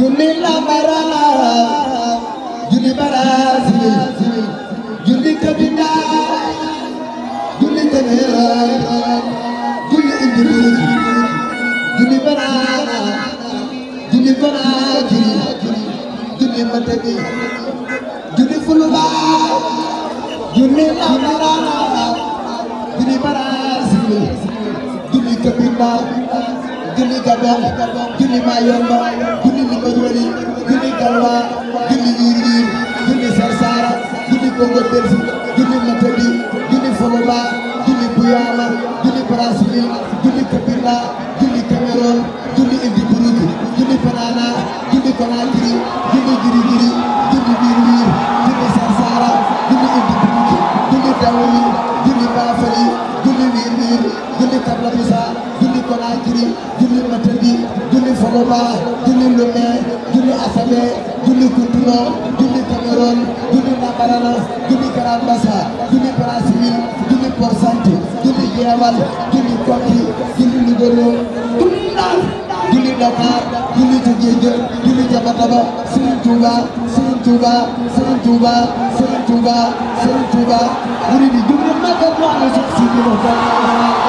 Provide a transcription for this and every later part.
julli lambara julli barasi julli kabinda julli kabira julli indiru julli banana julli banajiri julli matadi julli fuluba julli lambara julli barasi julli kabinda julli gadong julli mayomba ginni Madouli ginni Galba ginni Wirwir ginni Sarsara ginni Kongo Belsi ginni Matadi ginni Foloba ginni Buyama ginni Brazzaville ginni Kabila ginni Cameroon ginni Idibourougi ginni Banana ginni Conakry ginni Girigiri ginni Wirwir ginni Sarsara ginni Idibourougi ginni Daouli ginni Bafali ginni Wirwir ginni Kablabissa ginni Conakry ginni Matadi Faloba junni Lomé junni Assamé junni Kountuno junni Cameroun junni Nabarana junni Grand Massa junni Brazzaville junni Port Santé junni Yeewal junni Koki junni Lugolo junni Ndar junni Dakar junni Tëngéej junni Jabataba Serigne Touba Serigne Touba Serigne Touba Serigne Touba Serigne Touba.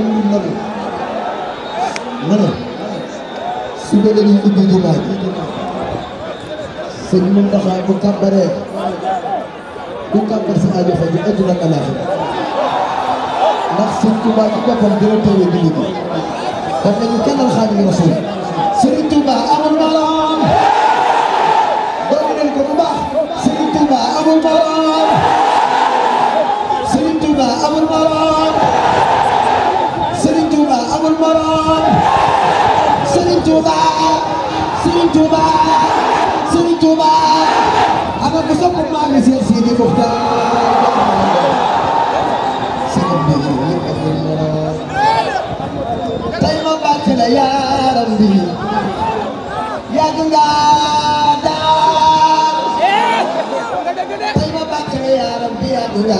ñu nangu ma ne ubbi jumaa ji sëñ Mountakha bu kàbbaree bu kàbbar sa aajo fa ji àddina ak alaaxira ndax sëñ Touba ci boppam dina Rasuul sëñ Touba amoon Touba Serigne Touba Serigne Touba ana ko sopp ma ngi seen Sidi Muxtaar Serigne bi yëpp ak yéen tey ma bàcc la yaaram bi yàgg nga daal tey ma bàcc la yaaram bi yàgg nga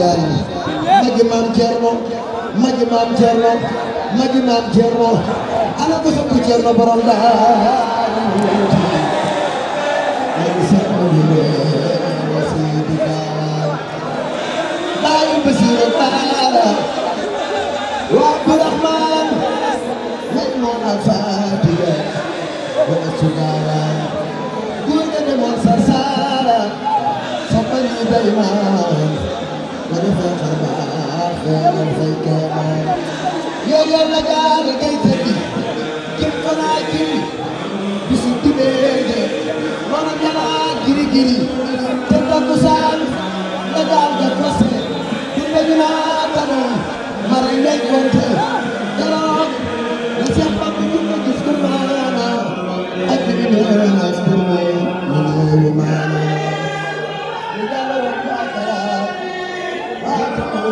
daal magi maam Cerno magi ana ko sopp Ceerno borom Daaru ay saxobi le wasidi baa lay basira taala wa abdurrahman min mon al-fatiha wa sudara kunna de mon sarsara sabani dayma wa fa kharba khair khair ya ya nagar kaytaki balaa giri bisu tibee de wala balaa giri giri te takkusaan la daal ga fase du bëgg naa tanoo mara ngay konte keroog la Seex Bamba ñu ko gis ko maana ak bi ñu naa ko mu nooru maana ñu daal wa kaakara waa ko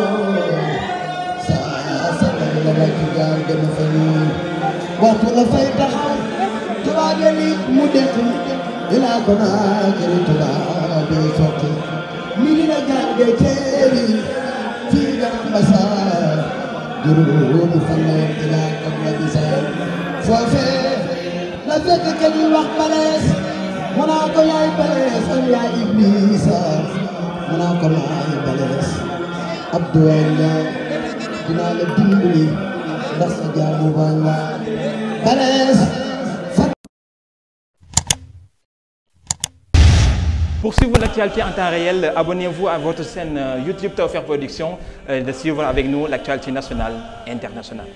saa sa la la la ki gaar dama fa ñoo waxtu la fay taxaw tubaab yi nit mu dëkk dinaa ko naa jëriñ tubaab yi sokki mi dina jànge teeri fii garam basaar juróomi fan la woon dinaa ko na bisaar foofee la fekk kenn wax balees mu naa ko yaay balees am yaa ibliisa mu naa ko maay balees Abdou Ndiaye dinaa la dimbali ndax sa jaamu baa Pour suivre l'actualité en temps réel, abonnez-vous à votre chaîne euh, YouTube Tawfekh Production euh, de suivre avec nous l'actualité nationale internationale.